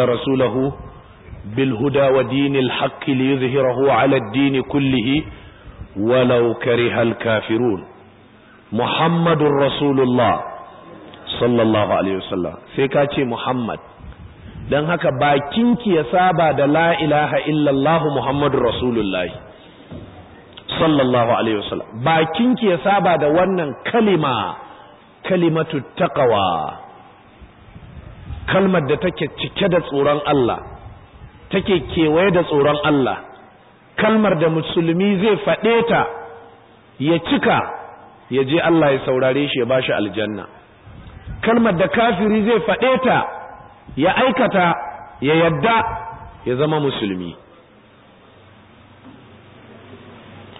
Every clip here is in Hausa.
رسوله بالهدى ودين الحق ليظهره على الدين كله ولو كره الكافرون محمد رسول الله صلى الله عليه وسلم سيكاتي محمد dan haka bakinki ya saba da la ilaha illallah muhammadur rasulullah sallallahu alaihi wasallam bakinki ya saba da wannan kalima kalimatu taqwa kalmar da take cike da tsoron Allah take kewaye da tsoron Allah kalmar da musulmi zai faɗe ta ya cika ya je Allah ya saurare shi ya ba shi aljanna kalmar da kafiri zai faɗe ta ya aikata ya yadda ya zama musulmi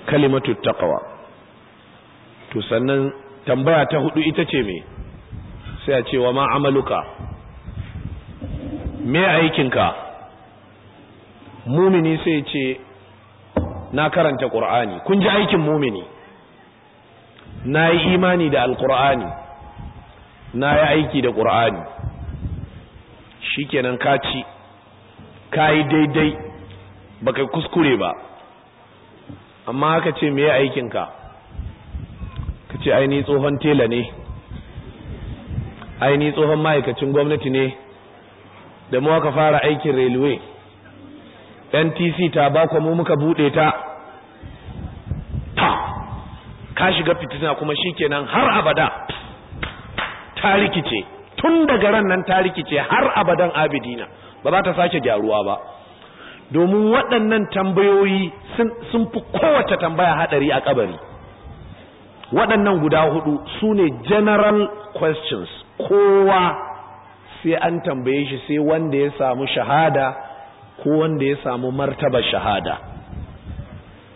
kalimatu taqwa to sannan tambaya ta hudu ita ce me sai a ce wa ma amaluka me aikinka mumini sai ce na karanta ƙur'ani kun ji aikin mumini na yi imani da alƙur'ani na yi aiki da ƙur'ani shi kenan ka ci ka yi daidai ba kai kuskure ba amma ka ce me aikinka ka ce aini tsohon tela ne aini tsohon ma'aikacin gwamnati ne da mu aka fara aikin railway ntc ta bakwa mu muka bude ta ka shiga fitina kuma shikenan har abada ta rikice tun daga ran nan ta rikice har abadan abidina ba za ta sake gyaruwa ba domin waɗannan tambayoyi sun fi kowace tambaya haɗari a kabari waɗannan guda hudu su ne general questions kowa sai an tambaye shi sai wanda ya samu shahada ko wanda ya samu martaba shahada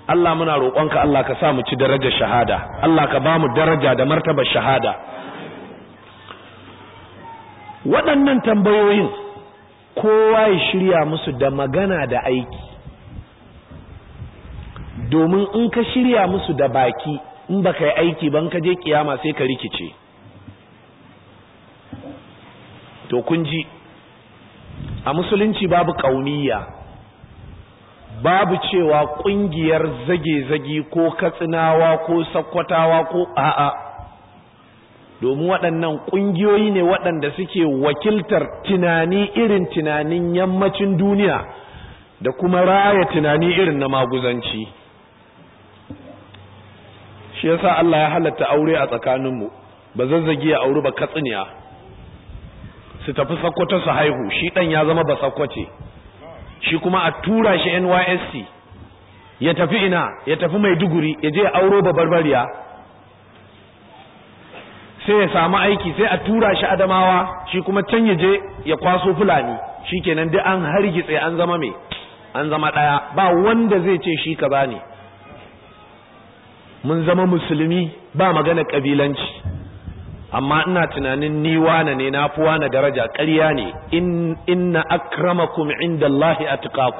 Allah muna roƙonka Allah ka sa mu ci darajar shahada Allah ka ba mu daraja da martaba shahada waɗannan tambayoyin kowa ya shirya musu da magana da aiki domin in ka shirya musu da baki in ka yi aiki ban ka je kiyama sai ka rikice to kun ji a musulunci babu kauniya babu cewa kungiyar zage-zage ko katsinawa ko sakkwatawa ko a'a domin waɗannan ƙungiyoyi ne waɗanda suke wakiltar tunani irin tunanin yammacin duniya da kuma raya tunani irin na maguzanci shi yasa Allah ya halatta aure a tsakaninmu ba zazzage ya auri ba katsiniya su tafi sakkwato su haihu shi ɗan ya zama ba sakkwace shi kuma a tura shi nysc ya tafi ina ya tafi maiduguri ya je auro ba barbariya sai ya samu aiki sai a tura shi adamawa shi kuma can ya je ya kwaso fulani shi kenan duk an hargitse an zama mai an zama ɗaya ba wanda zai ce shi ka ba ne mun zama musulmi ba magana kabilanci. amma ina tunanin ni wane ne na fi wane daraja ƙarya ne inna akramakum indallahi wata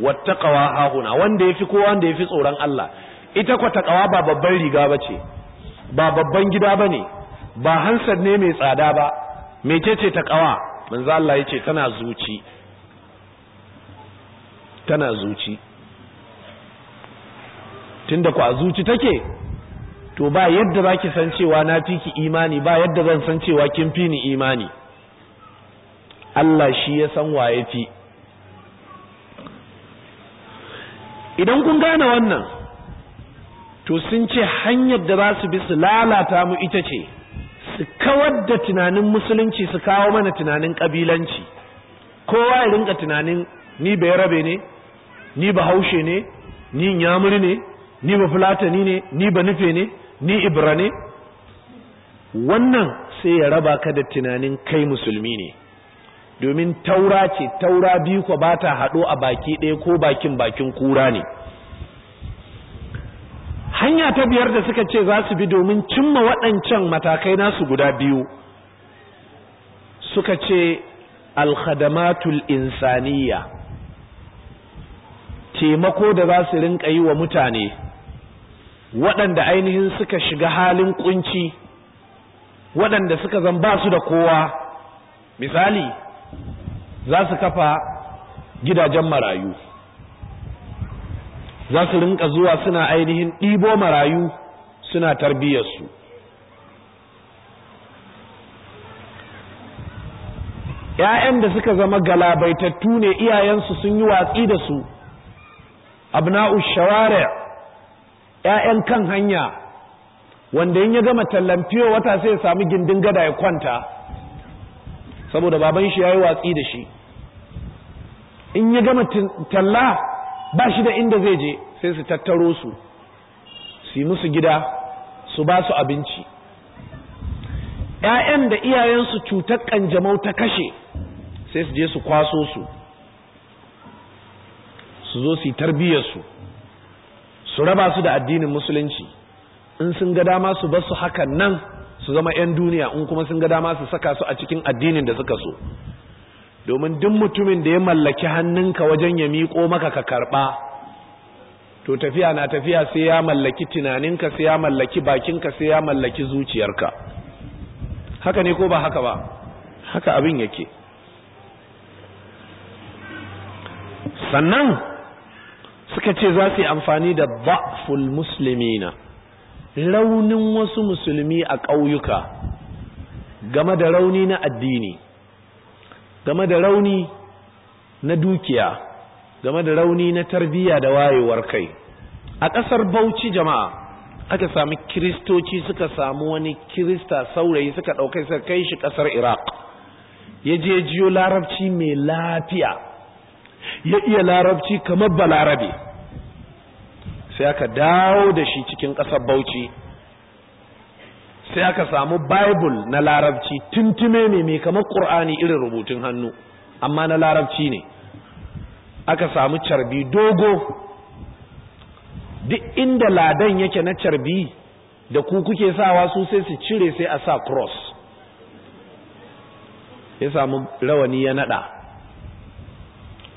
wattaqwa hahuna wanda ya fi ko wanda ya fi tsoron Allah ita kwa ta ƙawa ba babban riga ba ce, ba babban gida bane ba hansar ne mai tsada ba mecece taqwa manzo Allah ce tana zuci tana zuci tunda kwa zuci take to ba yadda za ki san cewa na fi ki imani ba yadda zan san cewa kin fi ni imani Allah shi ya san waye fi idan kun gane wannan to sun ce hanyar da za su bi su lalata mu ita ce su kawar da tunanin musulunci su kawo mana tunanin kabilanci kowa ya rinka tunanin ni bai rabe ne ni bahaushe ne ni yamuri ne ni ba fulatani ne ni ba nufe ne ni ibrani wannan sai ya raba ka da tunanin kai musulmi ne domin taura ce taura biyu ko ba ta haɗo a baki ɗaya ko bakin bakin kura ne hanya ta biyar da suka ce za su bi domin cimma waɗancan matakai nasu guda biyu suka ce alkhadamatul insaniya taimako da za su rinka yi wa mutane waɗanda ainihin suka shiga halin kunci waɗanda suka zan ba su da kowa misali za su kafa gidajen marayu za su rinka zuwa suna ainihin ɗibo marayu suna tarbiyyarsu ‘ya'yan da suka zama galabaitattu ne iyayensu sun yi watsi da su abna'u shawara 'ya'yan kan hanya wanda in ya gama tallan wata sai ya sami gindin gada ya kwanta saboda baban shi ya yi watsi da shi in ya gama talla ba shi da inda zai je sai su tattaro su su yi musu gida su ba su abinci ‘ya'yan da iyayensu cutar ƙanjamau ta kashe sai su je su kwaso su su zo su yi tarbiyyarsu su raba su da addinin musulunci in sun ga dama su bar su hakan nan su zama 'yan duniya in kuma sun ga dama su saka su a cikin addinin da suka so domin duk mutumin da ya mallaki hannunka wajen ya miƙo maka ka karɓa to tafiya na tafiya sai ya mallaki tunaninka sai ya mallaki bakinka sai ya mallaki zuciyarka haka ne ko ba haka ba haka abin yake sannan suka ce za su yi amfani da ba'ful musulmi na. raunin wasu musulmi a ƙauyuka game da rauni na addini game da rauni na dukiya game da rauni na tarbiyya da wayewar kai a ƙasar bauchi jama'a aka sami kiristoci suka samu wani kirista saurayi suka ɗaukai suka kai shi ƙasar iraq ya je jiyo larabci mai lafiya ya iya larabci kamar balarabe sai aka dawo da shi cikin ƙasar bauchi sai aka samu bible na larabci tuntume ne mai kamar ƙur'ani irin rubutun hannu amma na larabci ne aka samu carbi dogo duk inda ladan yake na carbi da ku kuke sawa su sai su cire sai a sa cross ya samu rawani ya nada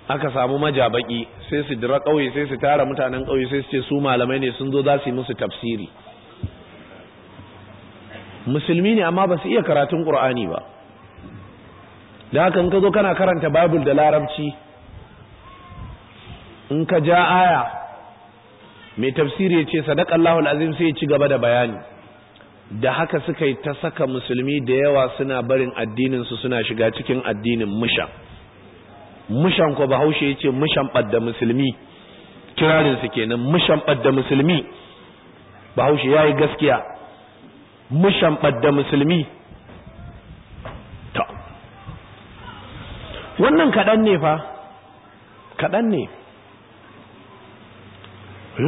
aka samu majabaki sai su dira ƙauye sai su tara mutanen ƙauye sai su ce su malamai ne sun zo za su yi musu tafsiri musulmi ne amma ba su iya karatun ƙur'ani ba da haka in ka zo kana karanta babul da larabci in ka ja aya mai tafsiri ya ce allahul azim sai ya ci gaba da bayani da haka suka yi ta saka musulmi da yawa suna barin addininsu suna shiga cikin addinin musha mushan ko bahaushe ya ce mushan ɓadda musulmi kirarinsu kenan mushan ɓadda musulmi bahaushe ya yi gaskiya mushan ɓadda musulmi ta wannan kaɗan ne fa kaɗan ne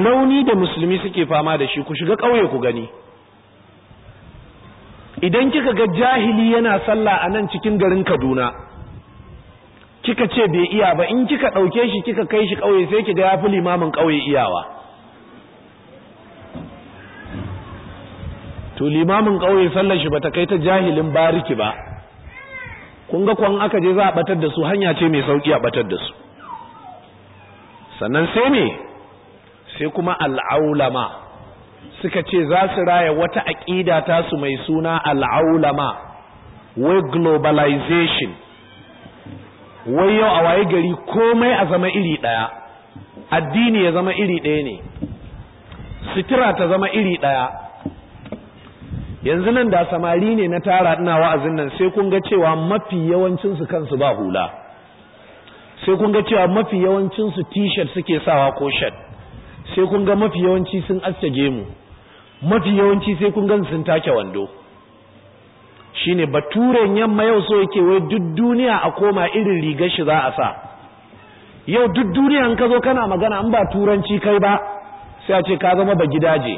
launi da musulmi suke fama da shi ku shiga ƙauye ku gani idan kika ga jahili yana sallah a nan cikin garin kaduna kika ce bai iya ba in kika ɗauke shi kika kai shi ƙauye sai kiga ya fi limamin ƙauye iyawa to limamin ƙauye sallar shi bata kai ta jahilin bariki ba kun ga kwan aka je za a batar da su hanya ce mai sauƙi a batar da su sannan sai me sai kuma al'aulama suka ce za su raya wata aƙida tasu mai suna al'aulama wai globalization wai yau a waye gari komai a zama iri ɗaya addini ya zama iri ɗaya ne sitira ta zama iri ɗaya yanzu nan da samari ne na tara ina wa'azin nan sai kun ga cewa mafi yawancinsu kansu ba hula sai kun ga cewa mafi yawancinsu t-shirt suke sawa ko shirt sai kun ga mafi yawanci sun aske gemu mafi yawanci sai kun gan sun take wando shine baturen yamma yau so yake wai duk duniya a koma irin rigar shi za a sa yau duk duniya in ka zo kana magana an ba turanci kai ba sai a ce ka zama ba gidaje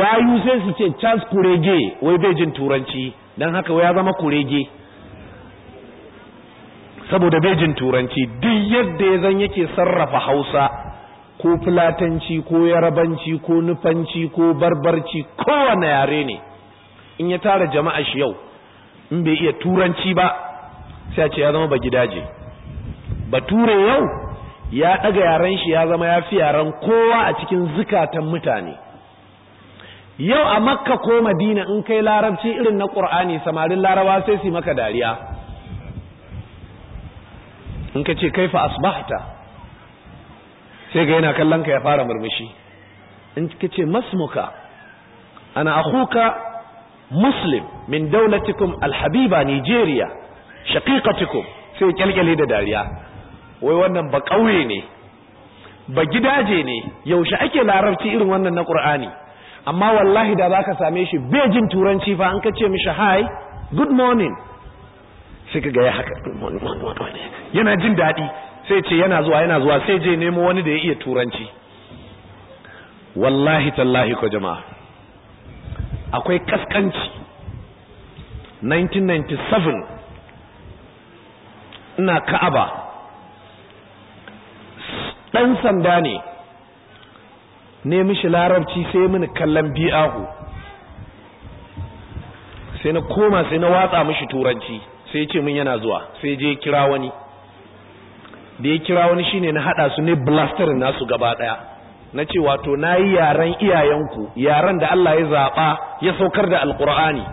gayu sai su ce Charles kurege wai bai jin turanci dan haka wai ya zama kurege saboda bai jin turanci duk yadda ya zan yake sarrafa Hausa ko fulatanci ko yarabanci ko nufanci ko barbarci kowane yare ne in ya tara jama'a shi yau in bai iya turanci ba sai ce ya zama ba gidaje ture yau ya daga yaren shi ya zama ya fi yaran kowa a cikin zukatan mutane yau a makka ko madina in kai larabci irin na ƙur'ani samarin larawa sai su maka dariya in ka ce kaifa asbahta sai ga yana kallon ka ya fara murmushi in ka ce masmuka ana akuka muslim min daulatikum alhabiba nigeria shaqiqatikum sai kyalkyale da dariya wai wannan ba kauye ne ba gidaje ne yaushe ake larabci irin wannan na qur'ani amma wallahi da zaka same shi bai jin turanci fa an kace mishi hi good morning sai kaga ya haka yana jin dadi sai ce yana zuwa yana zuwa sai je nemo wani da ya iya turanci wallahi tallahi ko jama'a akwai kaskanci 1997 ina ka'aba ɗan sanda ne ne mishi larabci sai mini kallon bi'ahu sai na koma sai na watsa mishi turanci sai ce min yana zuwa sai je kira wani da ya kira wani shine na hada su ne blaster nasu gaba daya na ce wato na yi yaren iyayenku yaren da Allah ya zaɓa ya saukar da alƙur'ani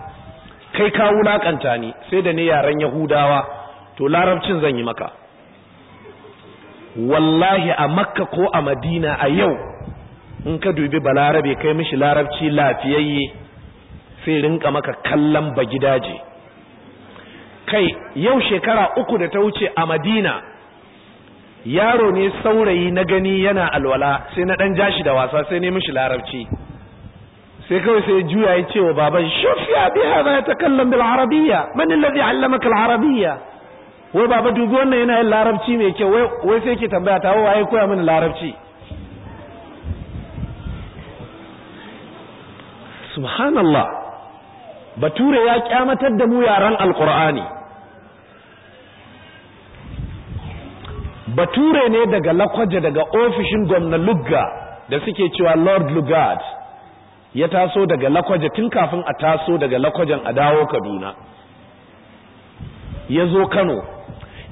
kai ka laƙanta ni sai da ni yaren yahudawa to larabcin zan yi maka wallahi a makka ko a madina a yau in ka dubi balarabe kai mishi larabci lafiyayye sai rinka maka kallon bagidaje kai yau shekara uku da ta wuce a madina yaro ne saurayi na gani yana alwala sai na dan jashi da wasa sai ne mishi larabci sai kawai sai juya ya ce wa baban shuf ya bi hada ya takallam bil arabiyya man alladhi allamaka al arabiyya wai baba dubi wannan yana yin larabci mai kyau wai sai ke tambaya ta waye koya mini larabci subhanallah bature ya kyamatar da mu yaran alqur'ani bature ne daga lakwaje daga ofishin gwamna lugga da suke cewa lord lugard ya taso daga lakwaje tun kafin a taso daga lakwajen a dawo kaduna ya zo kano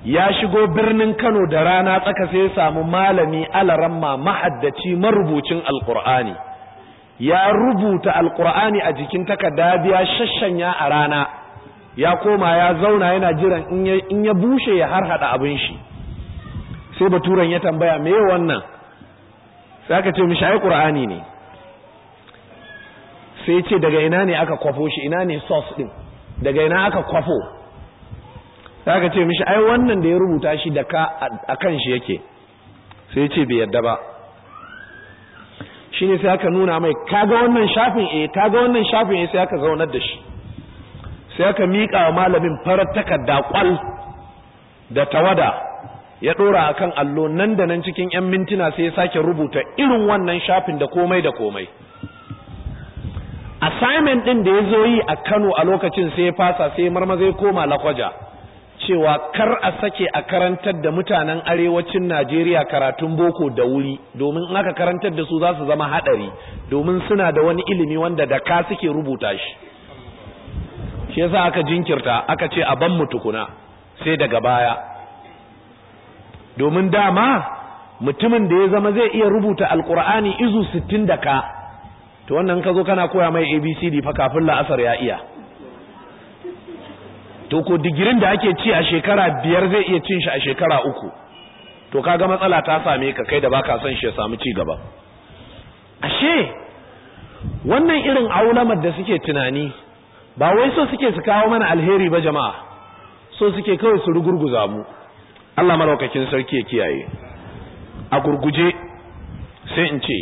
ya shigo birnin kano da rana tsaka sai ya samu malami alaramma mahaddaci marubucin alkur'ani ya rubuta alkur'ani a jikin takarda biya shashanya a rana ya koma ya zauna yana jiran in ya bushe ya harhaɗa abin shi sai baturan ya tambaya me wannan sai aka ce mishi ai qur'ani ne sai ce daga ina ne aka kwafo shi ina ne source din daga ina aka kwafo sai aka ce mishi ai wannan da ya rubuta shi da ka akan shi yake sai ce bai yadda ba shine sai aka nuna mai kaga wannan shafin eh kaga wannan shafin eh sai aka zaunar da shi sai aka miƙa wa malamin farar takarda kwal da tawada ya ɗora a kan allo nan da nan cikin yan mintuna sai ya sake rubuta irin wannan shafin da komai da komai assignment ɗin da ya zo yi a Kano a lokacin sai ya fasa sai marmazai koma lakwaja cewa kar a sake a karantar da mutanen arewacin Najeriya karatun boko da wuri domin in aka karantar da su za su zama hadari domin suna da wani ilimi wanda da ka suke rubuta shi shi yasa aka jinkirta aka ce a ban mu tukuna sai daga baya domin dama mutumin da ya zama zai iya rubuta alkur'ani izu sittin da ka to wannan ka zo kana koya mai abcd fa kafin la'asar ya iya to ko digirin da ake ci a shekara biyar zai iya cin shi a shekara uku to ka ga matsala ta same ka kai da baka son shi ya samu ci gaba ashe wannan irin aulamar da suke tunani ba wai so suke su kawo mana alheri ba jama'a so suke kawai su rugurguza mu Allah maraukakin sarki ya kiyaye a gurguje sai in ce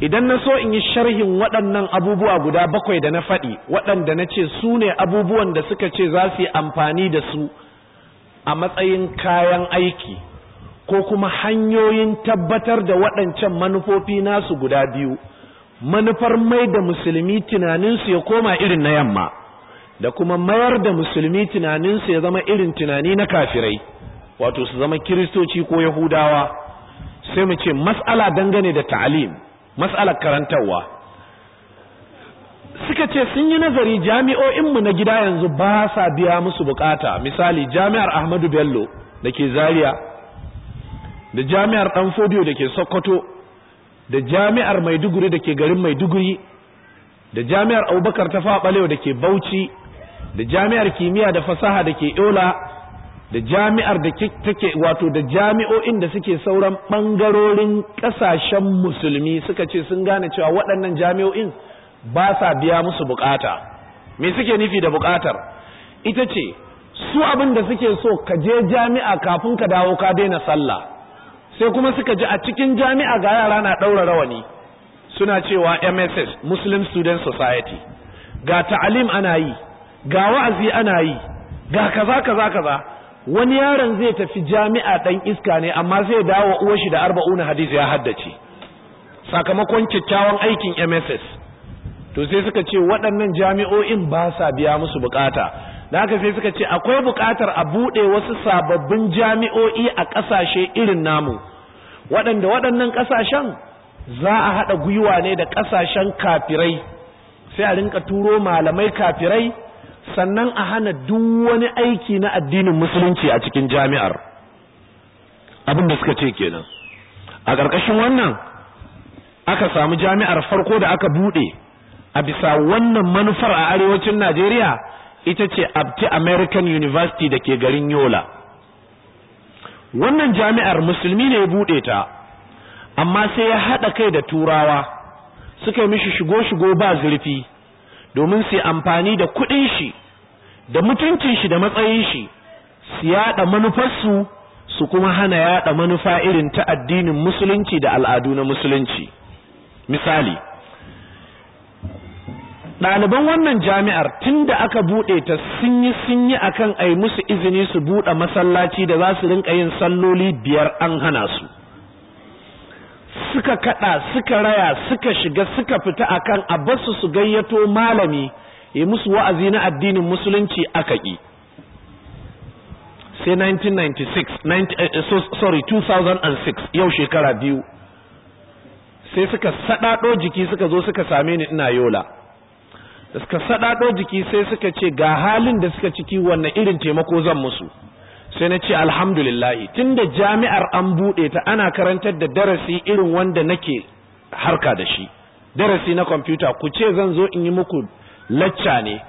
idan na so in yi sharhin waɗannan abubuwa guda bakwai da na faɗi waɗanda na ce su ne abubuwan da suka ce za su yi amfani da su a matsayin kayan aiki ko kuma hanyoyin tabbatar da waɗancan manufofi nasu guda biyu manufar mai da musulmi tunaninsu ya koma irin na yamma da kuma mayar da musulmi tunaninsu ya zama irin tunani na kafirai wato su zama kiristoci ko yahudawa sai mu ce mas'ala dangane da ta'alim mas'alar karantarwa suka ce sun yi nazari jami'o'inmu na gida yanzu ba sa biya musu bukata misali jami'ar ahmadu bello da ke zaria da jami'ar danfodiyo da ke sokoto da jami'ar maiduguri da ke garin maiduguri da jami'ar abubakar ta faɓalewa da ke bauchi da jami'ar kimiyya da fasaha da ke yola da jami'ar da take wato da jami'o'in da suke sauran ɓangarorin ƙasashen musulmi suka ce sun gane cewa waɗannan jami'o'in ba sa biya musu bukata me suke nufi da bukatar ita ce su abin da suke so ka je jami'a kafin ka dawo ka daina sallah sai kuma suka ji a cikin jami'a ga yara na ɗaura rawani suna cewa MSS Muslim Student Society ga ta'alim ana yi ga wa'azi ana yi ga kaza kaza kaza wani yaron zai tafi jami'a ɗan iska ne amma zai dawo uwar shi da arba'una hadisi ya haddace sakamakon kyakkyawan aikin MSS to sai suka ce waɗannan jami'o'in ba sa biya musu bukata da haka sai suka ce akwai bukatar a buɗe wasu sababbin jami'o'i a ƙasashe irin namu waɗanda waɗannan ƙasashen za a haɗa gwiwa ne da ƙasashen kafirai sai a rinka turo malamai kafirai sannan a hana duk wani aiki na addinin musulunci a cikin jami'ar abin da suka ce kenan a ƙarƙashin wannan aka samu jami'ar farko da aka buɗe a bisa wannan manufar a arewacin Najeriya ita ce Abti American University da ke garin Yola wannan jami'ar musulmi ne ya buɗe ta amma sai ya haɗa kai da turawa suka yi mishi shigo-shigo ba zurfi domin su amfani da kuɗin shi da mutuncin shi da matsayin shi su yaɗa manufarsu su kuma hana yaɗa manufa irin ta addinin musulunci da al'adu na musulunci misali ɗaliban wannan jami'ar tunda aka buɗe ta sun yi sun yi akan ai musu izini su buɗe masallaci da za su rinka yin salloli biyar an hana su suka kada suka raya suka shiga suka fita akan a basu su gayyato malami ya musu wa'azi na addinin musulunci aka yi. sai 1996 eh, eh, sorry 2006 yau shekara biyu sai suka sadado jiki suka zo suka same ni ina yola da suka sadado jiki sai suka ce ga halin da suka ciki wanne irin taimako zan musu sai na ce alhamdulillahi da jami'ar an buɗe ta ana karantar da darasi irin wanda nake harka da shi darasi na kwamfuta ku ce zan zo in yi muku lacca ne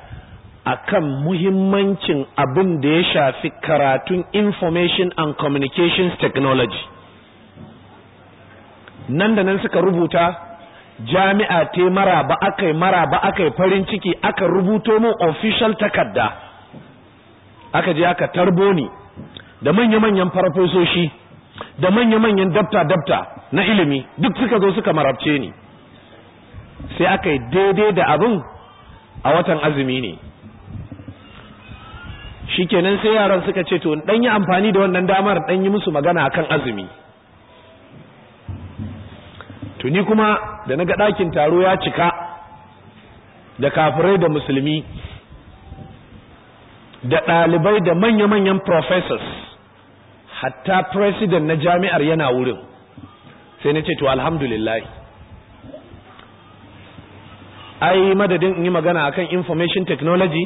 akan muhimmancin abin da ya shafi karatun information and communications technology nan da nan suka rubuta jami'a te mara ba aka yi mara ba aka yi farin ciki aka rubuto min official takarda aka je aka tarbo ni da manya-manyan farfesoshi da manya-manyan dabta-dabta na ilimi duk suka zo suka marabce ni sai aka yi daidai da abin a watan azumi ne shikenan sai yaran suka ce to ɗan yi amfani da wannan damar ɗan yi musu magana kan azumi tuni kuma da naga ɗakin taro ya cika da kafirai da musulmi da ɗalibai da manya-manyan professors hatta president na jami'ar yana wurin sai na ce to alhamdulillah ai madadin in yi magana akan information technology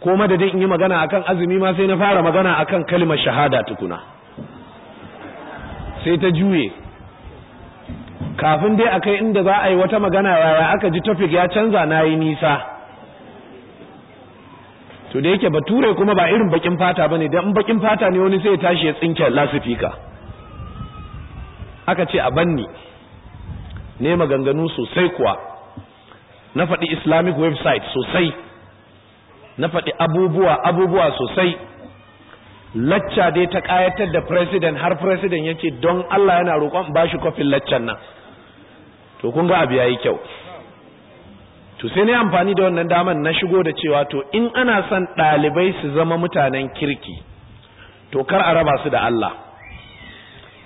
ko madadin in yi magana akan azumi ma sai na fara magana akan kalmar shahada tukuna sai ta juye kafin dai akai inda za a yi wata magana yaya aka ji topic ya canza na yi nisa to da yake bature kuma ba irin bakin fata bane dan bakin fata ne wani sai ya tashi ya tsinke lasifika aka ce a banni ne maganganu sosai kuwa na faɗi islamic website sosai na faɗi abubuwa abubuwa sosai lacca dai ta kayatar da president har president ya don Allah yana roƙon ba shi kofin laccan nan to kun ga abu ya kyau to sai ne amfani da wannan daman na shigo da cewa to in ana son ɗalibai su zama mutanen kirki to kar a raba su da Allah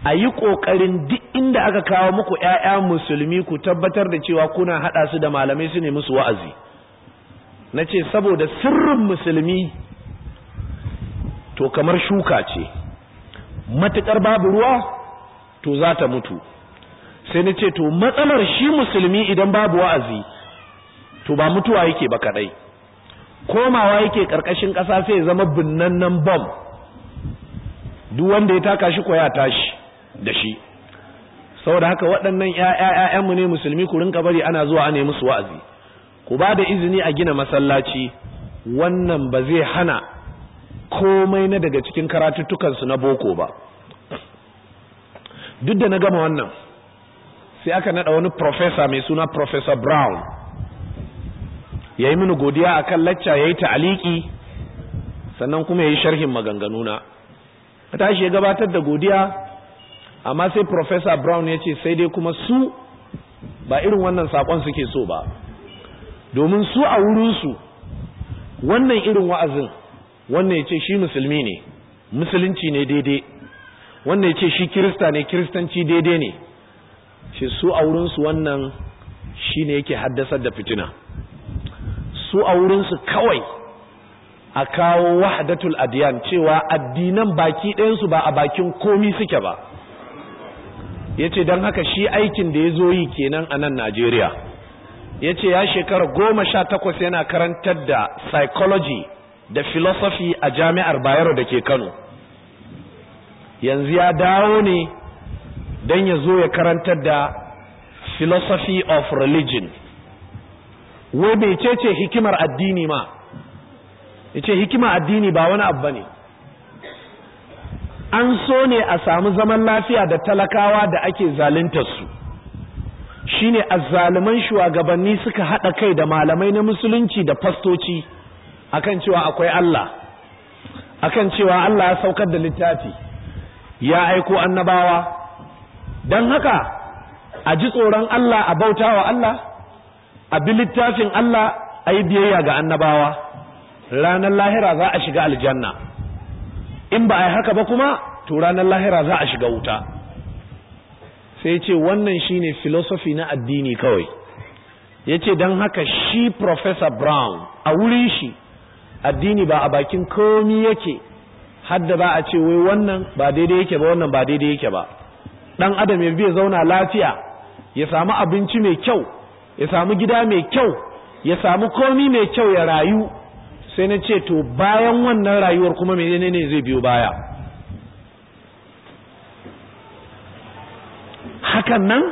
a yi ƙoƙarin duk inda aka kawo muku ‘ya'ya musulmi ku tabbatar da cewa kuna haɗa su da malamai su ne musu wa'azi na ce saboda sirrin musulmi to kamar shuka ce matuƙar babu ruwa to za ta mutu sai na ce to matsalar shi musulmi idan babu wa'azi to ba mutuwa yake ba kadai komawa yake karkashin ƙasa sai ya zama binnannan bom duk wanda ya taka shi ko ya tashi da shi saboda haka waɗannan mu ne musulmi ku rinka bari ana zuwa ana musu wa'azi ku ba da izini a gina masallaci wannan ba zai hana komai na daga cikin karatuttukansu na boko ba duk da na gama wannan sai aka naɗa wani profesa mai suna professor brown yayi mini godiya a kan lacca ya yi ta'aliki sannan kuma ya yi sharhin maganganu maganganuna tashi ya gabatar da godiya amma sai professor Brown ya ce sai dai kuma su ba irin wannan sakon suke so ba domin su a wurinsu su wannan irin wa'azin wannan ya ce shi musulmi ne musulunci ne daidai wannan ya ce shi kirista ne kiristanci daidai ne shi su a wurinsu wannan shi ne yake haddasar da fitina su a wurinsu kawai a kawo wahadatul adiyan cewa addinan baki ɗayansu ba a bakin komi suke ba ya ce don haka shi aikin da ya zo yi kenan a nan najeriya ya ce ya shekara goma sha takwas yana karantar da psychology da philosophy a jami'ar bayero da ke kano yanzu ya dawo ne don ya zo ya karantar da philosophy of religion wai bai ce ce hikimar addini ma ya ce hikimar addini ba wani abu ne an so ne a samu zaman lafiya da talakawa da ake zaluntar su shine azzaluman shugabanni suka haɗa kai da malamai na musulunci da fastoci akan cewa akwai Allah akan cewa Allah ya saukar da littafi ya aiko annabawa don haka a ji tsoron Allah a bauta wa Allah a littafin Allah a yi biyayya ga annabawa ranar lahira za a shiga aljanna in ba a yi haka ba kuma to ranar lahira za a shiga wuta sai ce wannan shine filosofi na addini kawai ya ce don haka shi Professor Brown a wurin shi addini ba a bakin komi yake hadda ba a ce wai wannan ba daidai yake ba wannan ba daidai yake ba dan adam ya biya zauna lafiya ya samu abinci mai kyau ya samu gida mai kyau ya samu komi mai kyau ya rayu sai na ce to bayan wannan rayuwar kuma menene ne zai biyo baya hakan nan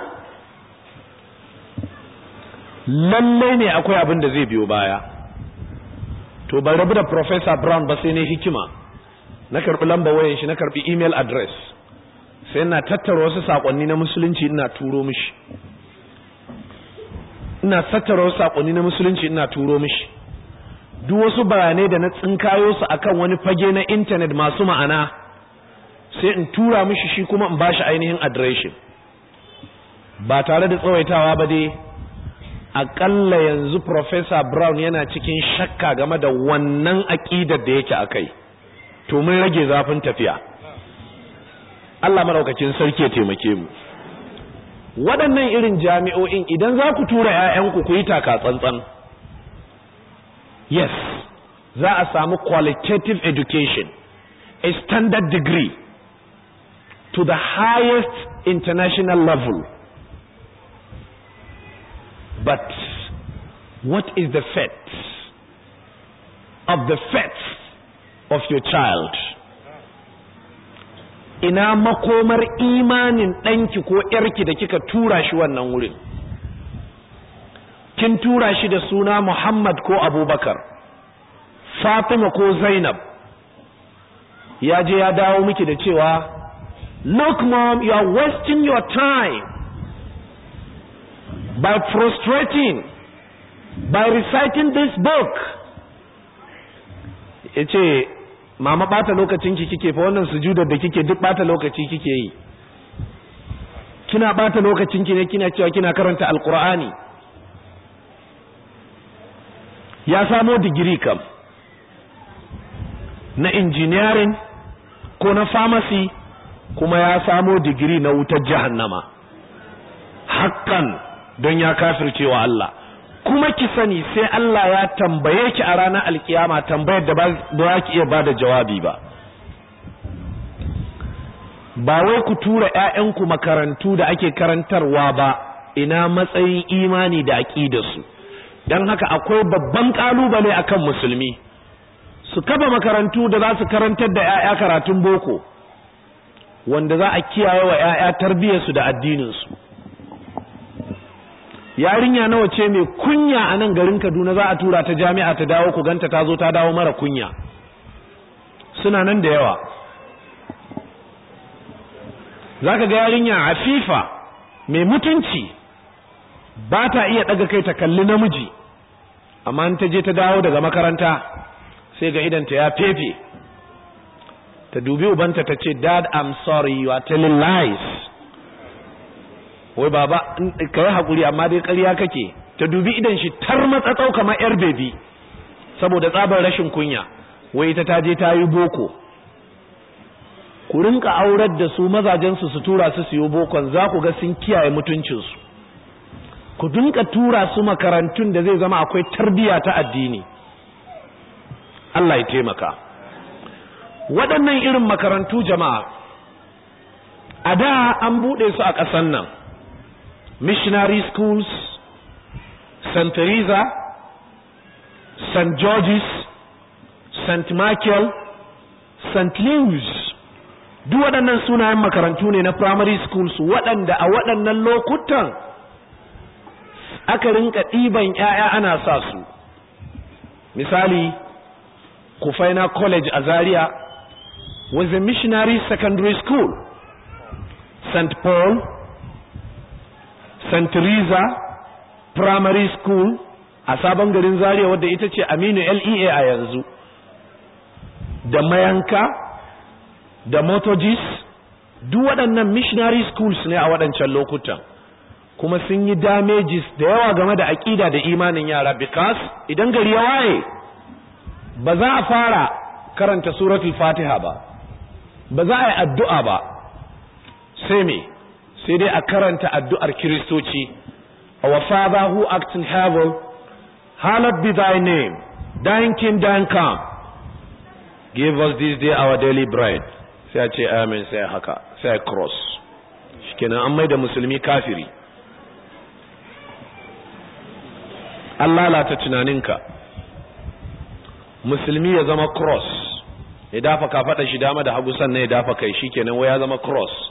lallai ne akwai abin da zai biyo baya to ban rabu da professor brown ba sai ne hikima na karbi lamba wayan shi na karbi email address sai na tattara wasu sakonni na musulunci ina turo mishi ina tattara wasu sakonni na musulunci ina turo mishi duk wasu bayanai da na tsinkayo su akan wani fage na intanet masu ma'ana sai in tura mishi shi kuma in ba shi ainihin adireshin ba tare da tsawaitawa ba dai aƙalla yanzu Professor Brown yana cikin shakka game da wannan aƙidar da yake akai to mun rage zafin tafiya Allah madaukakin sarki ya taimake mu waɗannan irin jami'o'in idan za ku tura 'ya'yanku ku yi taka tsantsan yes za a samu qualitative education a standard degree to the highest international level but what is the fate of the fate of your child ina makomar imanin ɗanki ko ‘yarki da kika tura shi wannan wurin kin tura shi da suna Muhammad ko Abubakar Fatima ko Zainab ya je ya dawo miki da cewa look mom you are wasting your time by frustrating by reciting this book yace mama bata lokacin ki kike fa wannan sujuda da kike duk bata lokaci kike yi kina bata lokacin ki ne kina cewa kina karanta alqur'ani ya samo digiri kam na engineering ko na pharmacy kuma ya samo digiri na wutar jahannama hakan don ya kafircewa Allah kuma ki sani sai Allah ya tambaye ki a ranar alkiyama tambayar da ba ki iya bada jawabi ba ba wai ku tura ƴaƴanku makarantu da ake karantarwa ba ina matsayin imani da su don haka akwai babban kalubale akan musulmi su kafa makarantu da za su karantar da 'ya'ya karatun boko wanda za a kiyaye wa ƴaƴa tarbiyyarsu da addininsu yarinya nawa ce mai kunya a nan garin Kaduna za a tura ta jami'a ta dawo ku ganta ta zo ta dawo mara kunya suna nan da yawa zaka ga yarinya afifa mai mutunci ba ta iya daga kai ta kalli namiji amma in ta je ta dawo daga makaranta sai ga idanta ya fefe ta dubi ubanta ta ce dad i'm sorry you are telling lies wai baba ka yi haƙuri amma dai ƙarya kake ta dubi idan shi tar matsatsau kamar yar bebi saboda tsabar rashin kunya wai ta taje ta yi boko ku rinka aurar da su mazajensu su tura su siyo bokon za ku ga sun kiyaye mutuncinsu ku dinka tura su makarantun da zai zama akwai tarbiya ta addini Allah ya taimaka waɗannan irin makarantu jama'a a da an buɗe su a ƙasan nan missionary schools st teresa st george's st michael st louis duk waɗannan sunayen makarantu ne na primary schools waɗanda a waɗannan lokutan aka rinka ɗiban 'ya'ya ana sa su misali kufaina college a zaria was a missionary secondary school st paul st teresa primary school a sabon garin zaria wadda ita ce aminu lea a yanzu da mayanka da motogis duk waɗannan missionary schools ne a waɗancan lokutan kuma sun yi damages da yawa game da aƙida da imanin yara because idan gari ya waye ba za a fara karanta suratul fatiha ba ba za a yi addu'a ba sai me sai dai a karanta addu'ar kiristoci our father who art in heaven hallowed be thy name thine kingdom come give us this day our daily bread sai a ce amen sai a haka sai a cross shikenan an mai da musulmi kafiri an lalata tunaninka musulmi ya zama cross ya dafa kafaɗa shi dama da hagu sannan ya dafa kai shikenan wai ya zama cross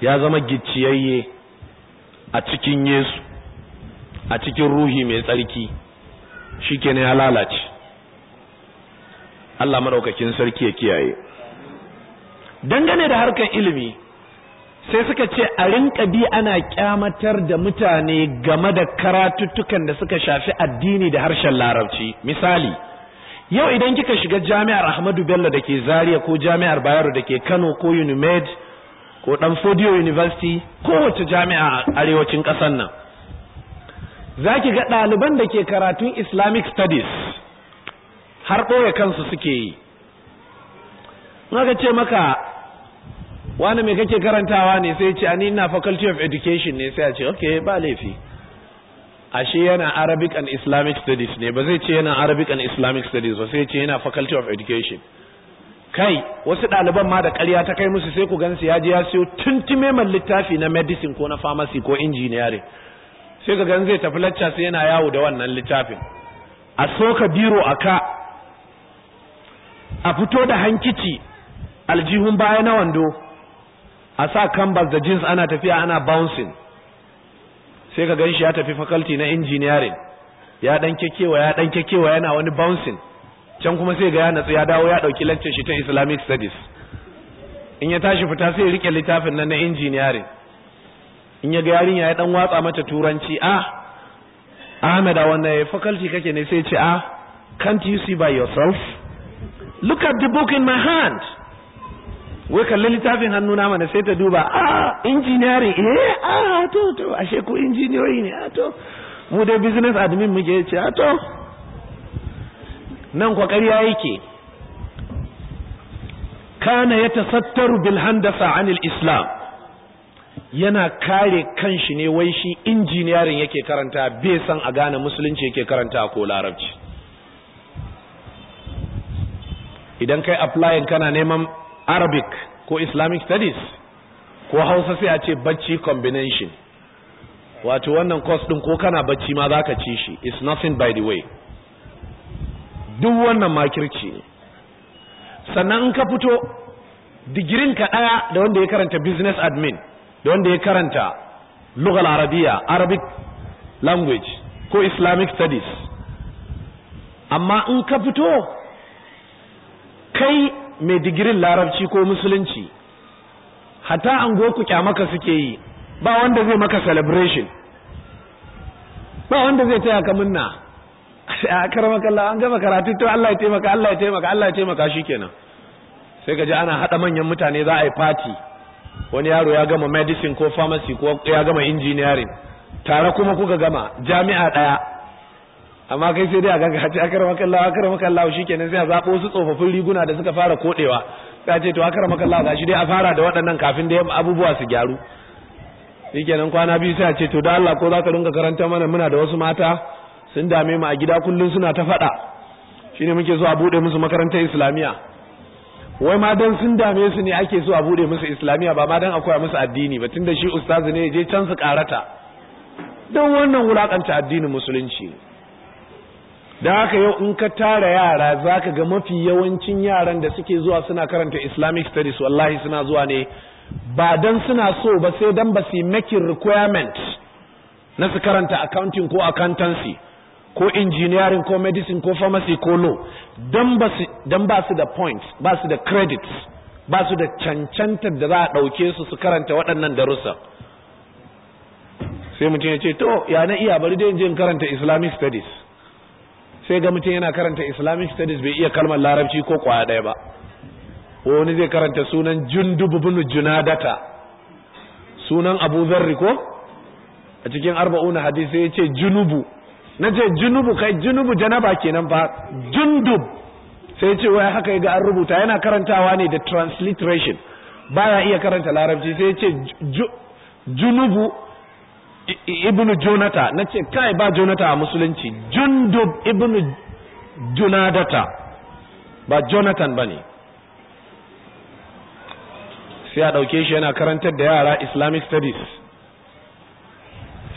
ya zama gicciyayye a cikin Yesu a cikin ruhi mai tsarki shikenan ya lalace Allah madaukakin sarki ya kiyaye dangane da harkar ilimi sai suka ce a rinka bi ana kyamatar da mutane game da karatuttukan da suka shafi addini da harshen larabci misali yau idan kika shiga jami'ar Ahmadu Bello da ke Zaria ko jami'ar Bayero da ke Kano ko Unimed ko dan University kowace jami'a a arewacin ƙasar nan zaki ga ɗaliban da ke karatun Islamic Studies har ɓoye kansu suke yi aka ce maka wani mai kake karantawa ne sai ce ni na faculty of education ne sai a ce okay ba laifi ashe yana arabic and islamic studies ne ba zai ce yana arabic and islamic studies ba sai ce yana faculty of education kai wasu ɗaliban ma da ƙarya ta kai musu sai ku gan ya je ya siyo tuntume man littafi na medicine ko na pharmacy ko engineering sai ka gan zai tafi lacca sai yana yawo da wannan littafin a soka biro a ka a fito da hankici aljihun baya na wando a sa canvas da jeans ana tafiya ana bouncing sai ka gan shi ya tafi faculty na engineering ya dan kekewa ya dan kekewa yana wani bouncing can kuma sai ga ya natsu ya dawo ya dauki lecture shi ta Islamic studies in ya tashi fita sai rike littafin nan na engineering in ya ga yarinya ya dan watsa mata turanci ah, a ahmeda wannan ya faculty kake ne sai ce a ah, can't you see by yourself look at the book in my hand wai kalli littafin hannu na mana sai ta duba a ah, engineering eh a to to ashe ko injiniyoyi ne a to mu dai business admin muke ce a to nan kwa ƙarya yake kana ya tasattaru bil handasa anil islam yana kare kanshi ne wai shi injiniyarin yake karanta bai san a gane musulunci yake karanta ko larabci idan kai applyin kana neman arabic ko islamic studies ko hausa sai a ce bacci combination wato wannan course din ko kana bacci ma za ka ci shi it's nothing by the way duk wannan makirci sannan in ka fito digirin ka daya da wanda ya karanta business admin da wanda ya karanta lughal arabiya arabic language ko islamic studies amma in ka fito kai mai digirin larabci ko musulunci hata an goku kyamaka suke yi ba wanda zai maka celebration ba wanda zai taya ka munna a karamaka Allah an gama karatu to Allah ya taimaka Allah ya taimaka Allah ya taimaka shikenan sai ka ji ana hada manyan mutane za a yi party wani yaro ya gama medicine ko pharmacy ko ya gama engineering tare kuma kuka gama jami'a daya amma kai sai dai a ganka ce akaramaka Allah akaramaka Allah shikenan sai a zabo su tsofaffin riguna da suka fara kodewa sai a ce to akaramaka Allah gashi dai a fara da waɗannan kafin da abubuwa su gyaru shikenan kwana biyu sai a ce to da Allah ko za ka dinga karanta mana muna da wasu mata sun dame mu a gida kullum suna ta faɗa shine muke so a buɗe musu makarantar islamiyya wai ma dan sun dame su ne ake so a buɗe musu islamiyya ba ma dan akwai musu addini ba tunda shi ustazi ne je can su karata don wannan wulakanta addinin musulunci da haka yau in ka tara yara za ka ga mafi yawancin yaran da suke zuwa suna karanta islamic studies wallahi suna zuwa ne ba don suna so ba sai don ba su making requirement na su karanta accounting ko accountancy ko engineering ko medicine ko pharmacy ko law don ba su da points ba su da credits ba su da cancantar da za a ɗauke su su karanta waɗannan darussa sai mutum ya ce to ya na iya bari dai in karanta islamic studies sai ga mutum yana karanta islamic studies bai iya kalmar larabci ko kwaya ɗaya ba wani zai karanta sunan jundububun junadata sunan abu zarri ko a cikin arba'una hadisi ya ce junubu na ce junubu kai junubu janaba kenan fa jundub sai ce wai haka ga an rubuta yana karantawa ne da transliteration baya iya karanta larabci sai ce junubu ibnu jonata na ce kai ba jonata a musulunci jundub ibnu junadata ba jonathan ba ne sai a ɗauke shi yana karantar da yara islamic studies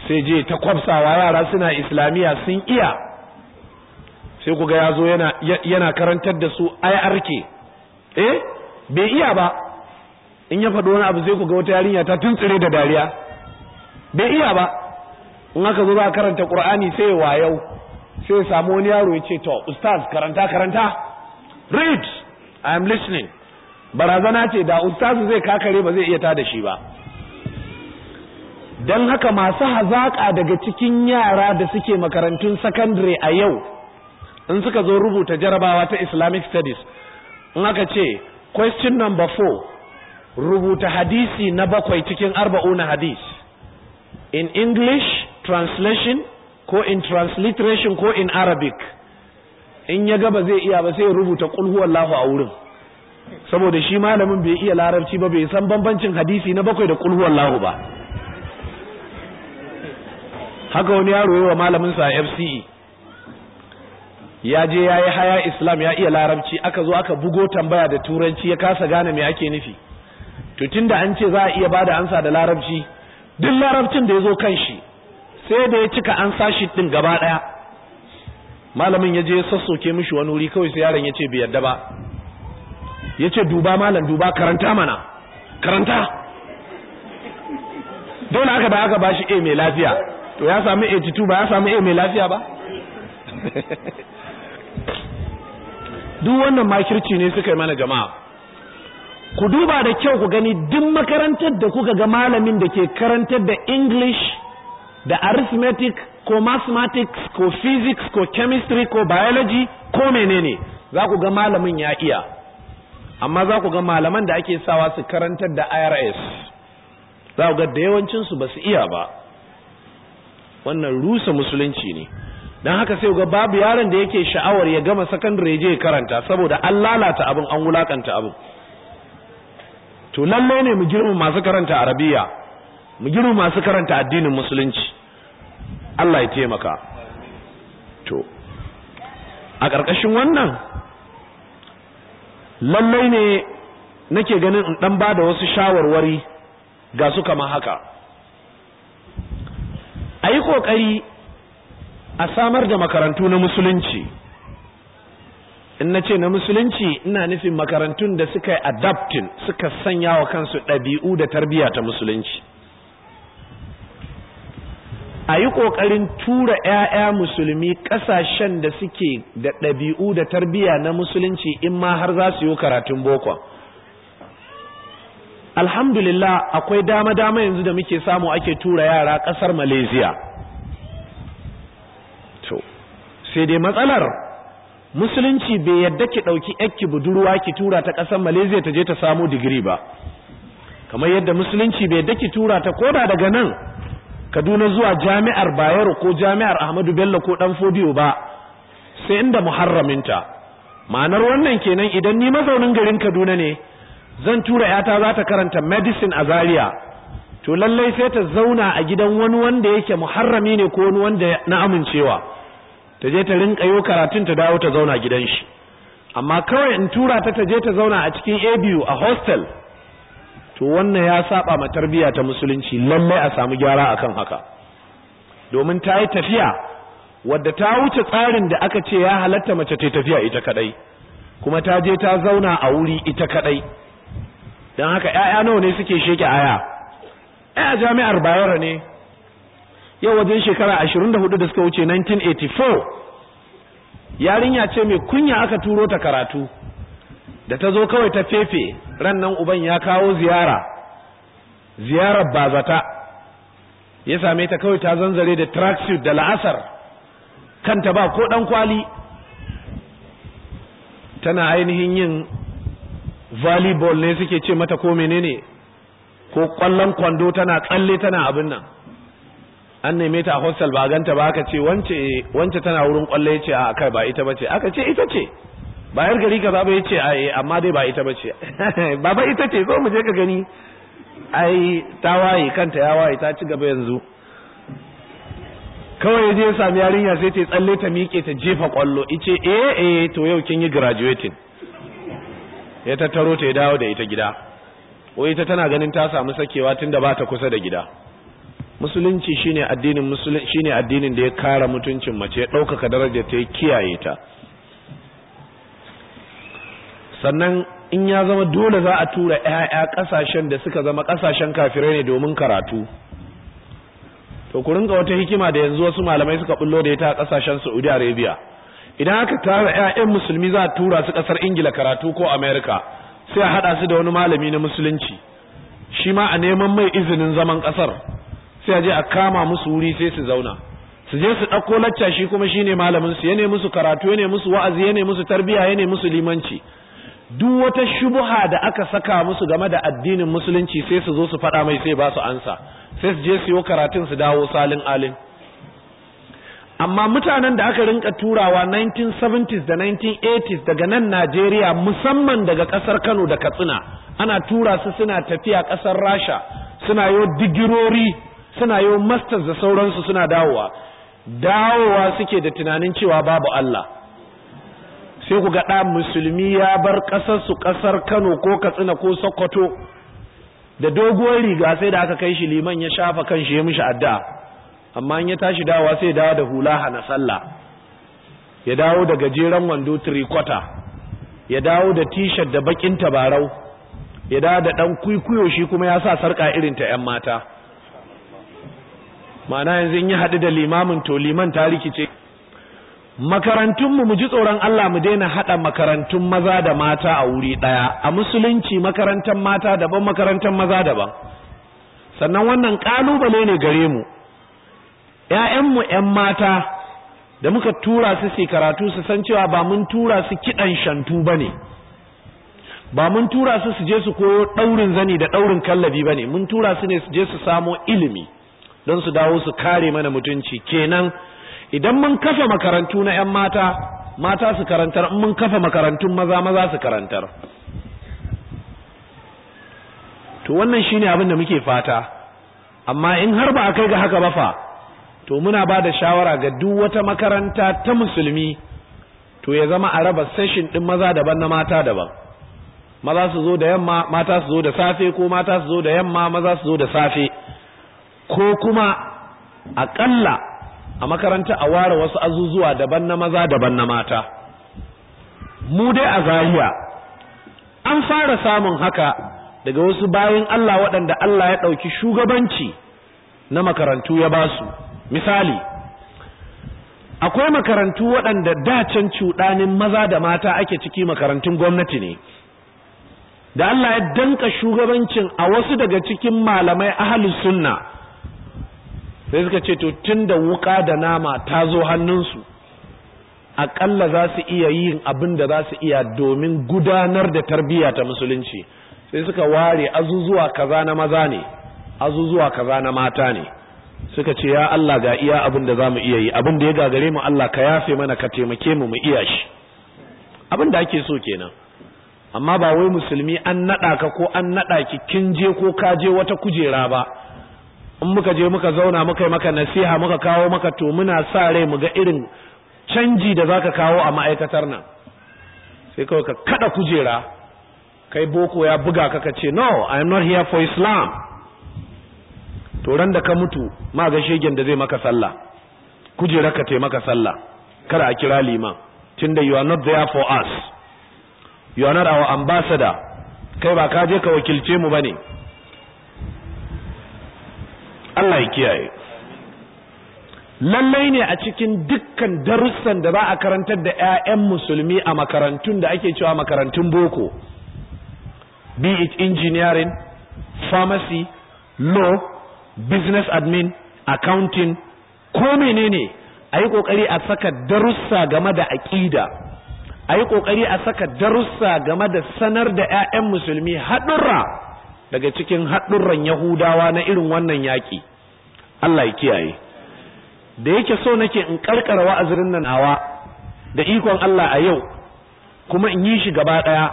sai je ta kwafsawa yara suna islamiyya sun iya sai ku ga ya zo yana karantar da su irk eh bai iya ba in ya faɗo wani abu zai ku wata yarinya ta tuntsire da dariya bai iya ba in aka zo ba karanta qur'ani sai wayau sai ya samu wani yaro ya ce to ustaz karanta karanta read i am listening barazana ce da ustaz zai kakare ba zai iya ta da shi ba don haka masu hazaƙa daga cikin yara da suke makarantun sakandare a yau in suka zo rubuta jarabawa ta islamic studies in aka ce question number four rubuta hadisi na bakwai cikin arba'una hadis in english translation ko in transliteration ko in arabic in ya gaba zai iya ba sai rubuta rubuta kulhuwallahu a wurin saboda shi malamin bai iya larabci ba bai san bambancin hadisi na bakwai da lahu ba haka wani yaro yi wa malaminsa a fce ya je ya yi haya islam ya iya larabci aka zo aka bugo tambaya da turanci ya kasa gane me ake nufi to tunda an ce za a iya bada ansa da larabci duk larabcin da ya zo kan shi sai da ya cika an sashi din gaba daya malamin ya je ya sassoke mishi wani wuri kawai sai yaron ya ce bai yadda ba ya ce duba malam duba karanta mana karanta dole aka da aka bashi a mai lafiya to ya sami 82 ba ya sami a mai lafiya ba duk wannan makirci ne suka yi mana jama'a ku duba da kyau ku gani duk makarantar da kuka ga malamin da ke karantar da english da arithmetic ko mathematics ko physics ko chemistry ko biology ko menene za ku ga malamin ya iya amma za ku ga malaman da ake sawa su karantar da irs za ku ga da yawancinsu ba su iya ba wannan rusa musulunci ne don haka sai ga babu yaron da yake sha'awar ya gama sakandare je karanta saboda an lalata abin an wulakanta abin to lallai ne mu girma masu karanta arabiya mu girma masu karanta addinin musulunci Allah ya taimaka to a ƙarƙashin wannan lallai ne nake ganin in ɗan ba da wasu shawarwari ga su kama haka a yi ƙoƙari a samar da makarantu na musulunci in na ce na musulunci ina nufin makarantun da suka yi adaptin suka sanya wa kansu ɗabi'u da tarbiyya ta musulunci a yi ƙoƙarin tura 'ya'ya musulmi ƙasashen da suke da ɗabi'u da tarbiyya na musulunci in ma har za su yi karatun bokon. alhamdulillah akwai dama-dama yanzu da muke samu ake tura yara ƙasar malaysia to sai dai matsalar musulunci bai yadda ki ɗauki ki budurwa ki tura ta ƙasar malaysia ta je ta samu digiri ba kamar yadda musulunci bai yadda ki tura ta koda daga nan kaduna zuwa jami'ar bayero ko jami'ar ahmadu bello ko dan fodiyo ba sai inda muharraminta ma'anar wannan kenan idan ni mazaunin garin kaduna ne zan tura yata za ta karanta medicine a Zaria to lallai sai ta zauna a gidan wani wanda yake muharrami ne ko wani wanda na amincewa ta je ta rinka yo karatun ta dawo ta zauna gidan shi amma kawai in tura ta ta je ta zauna a cikin ABU a hostel to wannan ya saba ma tarbiya ta musulunci lallai a samu gyara akan haka domin ta yi tafiya wadda ta wuce tsarin da aka ce ya halatta mace ta tafiya ita kadai kuma ta je ta zauna a wuri ita kadai don haka ‘ya'ya nawa ne suke sheke aya ‘ya'ya jami'ar bayero ne yau wajen shekara 24 da suka wuce 1984 yarinya ce mai kunya aka turo ta karatu da ta zo kawai ta fefe ran nan uban ya kawo ziyara ziyarar bazata ya same ta kawai ta zanzare da tracksuit da la'asar kanta ba ko ɗan kwali tana ainihin yin volleyball ne suke ce mata ko menene ko kwallon kwando tana tsalle tana abin nan an neme ta a hostel ba ganta ba aka ce wance tana wurin kwallo ya ce a kai ba ita bace aka ce ita ce bayar gari ka ba ya ce a eh, amma dai ba ita bace baba ita ce zo mu je ka gani ai ta waye kanta ya waye ta ci gaba yanzu kawai je ya sami yarinya sai ta tsalle ta miƙe ta jefa kwallo ice eh eh to yau kin yi graduating ya tattaro ta ya dawo da ita gida ko ita tana ganin ta samu sakewa tunda ba ta kusa da gida musulunci shine addinin shine addinin da ya kara mutuncin mace ya ɗaukaka darajar ta kiyaye ta sannan in ya zama dole za a tura ƴaƴa ƙasashen da suka zama ƙasashen kafirai ne domin karatu to ku ga wata hikima da yanzu wasu malamai suka bullo da ita a ƙasashen Saudi Arabia idan aka tara 'ya'yan musulmi za a tura su ƙasar ingila karatu ko amerika sai a haɗa su da wani malami na musulunci shi ma a neman mai izinin zaman ƙasar sai a je a kama musu wuri sai su zauna su je su ɗauko lacca shi kuma shi ne malamin su ya musu karatu ya musu wa'azi ya musu tarbiyya ya musu limanci duk wata shubuha da aka saka musu game da addinin musulunci sai su zo su faɗa mai sai ba su ansa sai su je su yi karatun su dawo salin alin amma mutanen da aka rinka turawa 1970s da 1980s daga nan Najeriya musamman daga ƙasar Kano da Katsina ana tura su suna tafiya ƙasar Rasha suna yo digirori suna yo masters da sauransu suna dawowa dawowa suke da tunanin cewa babu Allah sai ku ga ɗan musulmi ya bar ƙasar su ƙasar Kano ko Katsina ko Sokoto da doguwar riga sai da aka kai shi liman ya shafa kan shi ya mishi addu'a amma in ya tashi dawa sai dawo da hula hana sallah ya dawo da gajeren wando tirikwata ya dawo da t-shirt da bakin tabarau ya dawo da dan kwikwiyo shi kuma ya sa sarka irin ta yan mata mana yanzu in ya haɗu da limamin to liman ta rikice makarantunmu mu ji tsoron Allah mu daina haɗa makarantun maza da mata a wuri ɗaya a musulunci makarantar mata daban makarantar maza daban sannan wannan ƙalubale ne gare mu ‘ya'yanmu ‘yan mata da muka tura su su karatu su san cewa ba mun tura su kiɗan shantu ba ne ba mun tura su su je su koyo ɗaurin zani da ɗaurin kallabi ba ne mun tura su ne su je su samo ilimi don su dawo su kare mana mutunci kenan idan mun kafa makarantu na ‘yan mata mata su karantar mun kafa makarantun maza maza su karantar to wannan shine abin da muke fata amma in har ba a kai ga haka ba fa to muna ba da shawara ga duk wata makaranta ta musulmi to ya zama a raba session ɗin maza daban na mata daban maza su zo da yamma mata su zo da safe ko mata su zo da yamma maza su zo da safe ko kuma aƙalla a makaranta a ware wasu azuzuwa daban na maza daban na mata mu dai a zahiya an fara samun haka daga wasu bayan Allah waɗanda Allah ya ɗauki shugabanci na makarantu ya basu misali akwai makarantu waɗanda dacen cuɗanin maza da mata ake ciki makarantun gwamnati ne da Allah ya danka shugabancin a wasu daga cikin malamai ahalus sunna sai suka ce to da wuka da nama ta zo hannunsu aƙalla za su iya yin abin da za su iya domin gudanar da tarbiyya ta musulunci sai suka ware azuzuwa kaza na maza ne azuzuwa kaza na mata ne suka ce ya Allah ga iya abin da zamu iya yi abin da ya gagare mu Allah ka yafe mana ka taimake mu mu iya shi abin da ake so kenan amma ba wai musulmi an naɗa ka ko an naɗa ki kin je ko ka je wata kujera ba in muka je muka zauna muka yi maka nasiha muka kawo maka to muna sa rai mu ga irin canji da zaka kawo a ma'aikatar nan sai kawai ka kada kujera kai boko ya buga ka ka ce no i am not here for islam to ran da ka mutu ma ga shegen da zai maka sallah kujera ka taimaka sallah kada a kira liman tunda you are not there for us you are not our ambassador kai ba ka je ka wakilce mu bane Allah ya kiyaye lallai ne a cikin dukkan darussan da za a karantar da 'ya'yan musulmi a makarantun da ake cewa makarantun boko be it engineering pharmacy law business admin accounting ko menene a yi ƙoƙari a saka darussa game da aƙida a yi ƙoƙari a saka darussa game da sanar da 'ya'yan musulmi haɗurra daga cikin haɗurran yahudawa na irin wannan yaƙi Allah ya kiyaye da yake so nake in ƙarƙara wa'azirin nan hawa da ikon Allah a yau kuma in yi shi gaba ɗaya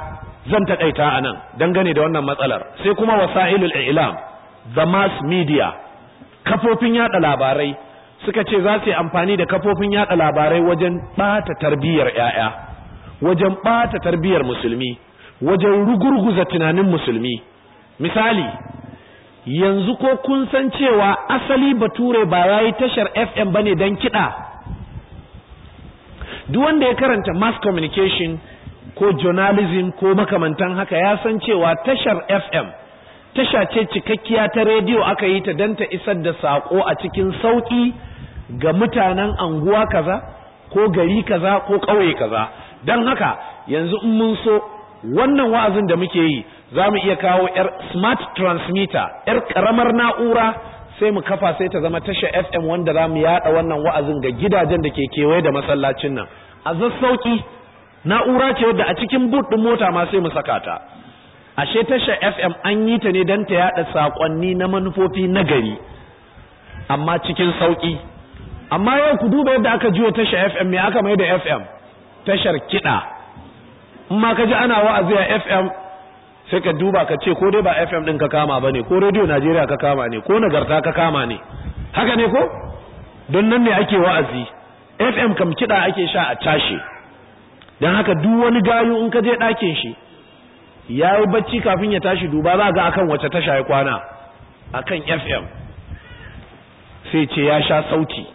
zan taƙaita a nan dangane da wannan matsalar sai kuma wasa'ilul ilam the mass media kafofin yada labarai suka ce za su yi amfani da kafofin yada labarai wajen bata tarbiyyar yaya wajen bata tarbiyyar musulmi wajen rugurguza tunanin musulmi misali yanzu ko kun san cewa asali bature ba yi tashar FM ba ne don kiɗa duk wanda ya karanta mass communication ko journalism ko makamantan haka ya san cewa tashar FM tasha ce cikakkiya ta rediyo aka yi ta don ta isar da saƙo a cikin sauƙi ga mutanen anguwa kaza ko gari kaza ko ƙauye kaza don haka yanzu in mun so wannan wa'azin da muke yi za mu iya kawo yar smart transmitter yar ƙaramar na'ura sai mu kafa sai ta zama tasha fm wanda za mu yaɗa wannan wa'azin ga gidajen da ke kewaye da masallacin nan a sauƙi na'ura ce wadda a cikin boot ɗin mota ma sai mu saka ta ashe tasha fm an yi ta ne don ta yada saƙonni na manufofi na gari amma cikin sauƙi amma yau ku duba yadda aka wa tasha fm me aka mai da fm tashar kiɗa in ma ka ji ana wa'azi a fm sai ka duba ka ce ko dai ba fm ɗin ka kama ba ne ko rediyo najeriya ka kama ne ko nagarta ka kama ne haka ne ko don nan ne ake wa'azi fm kam kiɗa ake sha a tashi don haka duk wani gayu in ka je ɗakin shi ya yi bacci kafin ya tashi duba za ga akan wace tasha ya kwana kan fm sai ce ya sha sauti